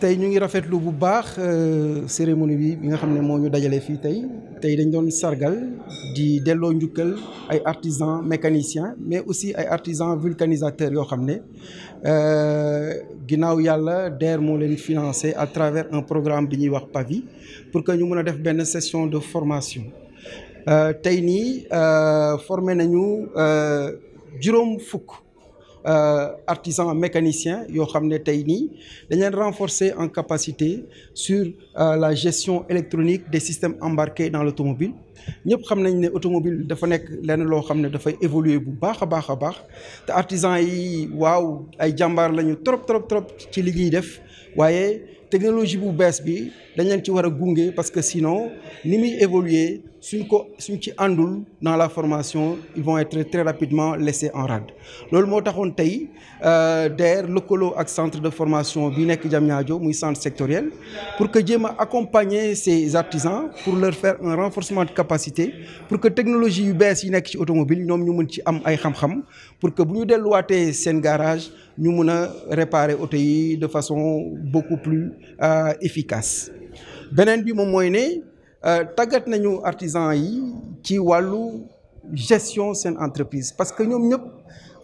tay ñu ngi rafetlu bu baax euh, cérémonie bi bi nga mo ñu dajalé fi tay tay dañ doon sargal di mais aussi ay artisans vulcanisateurs yo euh, leen financé à travers un programme bi pour que ñu def session de formation euh, ni euh formé nañu juroom euh, artisans mécaniciens yo ont renforcé en capacité sur euh, la gestion électronique des systèmes embarqués dans l'automobile Nous savons que l'automobile automobile a technologie bu bees bi dañ leen ci war a parce que sinon ni muy évoluer suñ ko suñ ci àndul dans la formation ils vont être très rapidement laissés en rade loolu moo taxoon tey euh, DER lëkkaloo ak centre de formation bi nekk Diamniadio muy centre sectoriel pour que jéem a accompagner ces artisans pour leur faire un renforcement de capacité pour que technologie yu bees yi nekk ci automobile ñoom ñu mën ci am ay xam-xam pour que bu ñu delluwaatee seen garage nous pouvons réparer oto yi de façon beaucoup plus euh, efficace Benen bi moom mooy ne euh, tagat nañu artisan yi ci walu gestion seen entreprise parce que ñom ñep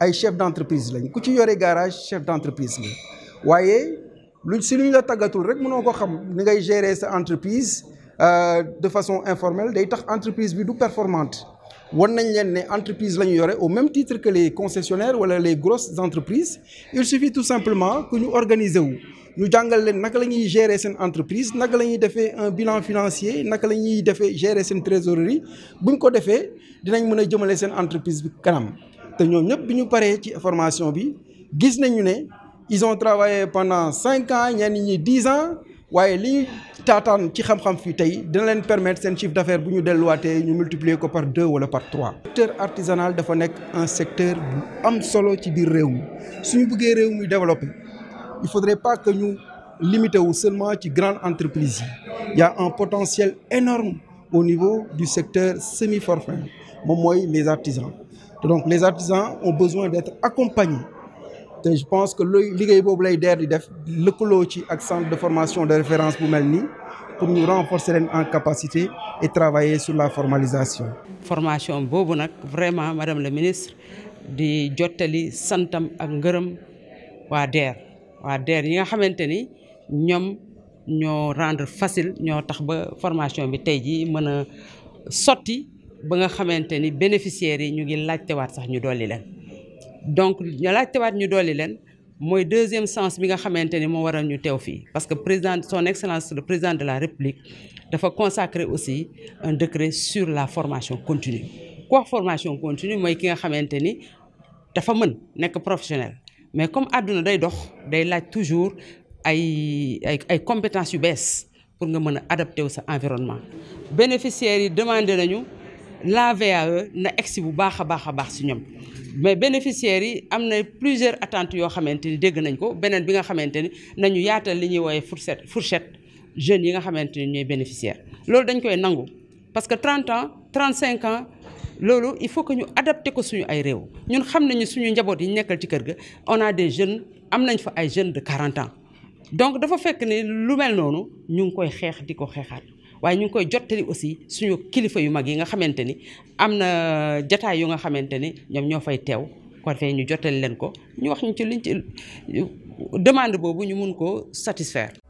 ay chef d'entreprise lañ ku ci yoré garage chef d'entreprise la wayé luñ si luñ la tagatul rek mëno ko xam ni ngay gérer sa entreprise euh, de façon informelle day tax entreprise bi du performante wan entreprise au même titre que les concessionnaires ou les grosses entreprises il suffit tout simplement que nous organisions nous. ñu jàngal une gérer cette entreprise nous la un bilan financier nous gérer trésorerie bu faire ko defee dinañ entreprise nous avons fait ñoom ñëpp formation ils ont travaillé pendant 5 ans 10 ans waaye li ñu taataan ci xam-xam fii permettre chiffre d'affaires bu ñu ñu multiplier par deux wala par trois. secteur artisanal est un secteur qui am solo ci biir réew mi suñu nous réew développer il faudrait pas que nous nous wu seulement ci grandes entreprises Il y a un potentiel énorme au niveau du secteur semi-forfait moom mooy les artisans donc les artisans ont besoin d'être accompagnés je pense que looy liggéey boobu lay DER di def centre de formation de référence bu Melny, pour nous renforcer en capacité et travailler sur la formalisation. formation boobu vraiment madame la ministre di Jotali santam ak ngërëm waa DER waa DER yi nga rendre facile nous tax formation bi tey jii mën a sotti ba nga xamante bénéficiaires ñu ngi sax ñu donc laajtewaat ñu dolli leen mooy deuxième sens bi nga xamante ni moo waral ñu teew fii parce que président son excellence le président de la république dafa consacrer aussi un décret sur la formation continue Quoi formation continue mooy ki nga xamante ni dafa mën nekk professionnel mais comme àdduna day dox day laaj toujours ay ay compétences yu pour nga mën à adapté environnement. environnement bénéficiaires yi demandé nañu la VAE na egsi bu baax a baax si mais bénéficiaires yi plusieurs attentes yoo xamante des dégg ko bi nga jeunes yi nga xamante ni ñooy bénéficiaire loolu dañ koy parce que 30 ans 35 ans il faut que ñu adapté ko suñu ay réew ñun suñu yi on a des jeunes am fa jeunes de 40 ans donc dafa faut ni lu mel waaye ñu ngi koy jottali aussi suñu kilifa yu mag yi nga xamante ni am na jataay yu nga xamante ni ñoom ñoo fay teew kon fee ñu jottali leen ko ñu wax ñu ci liñ ci demande boobu ñu mun koo satisfaire.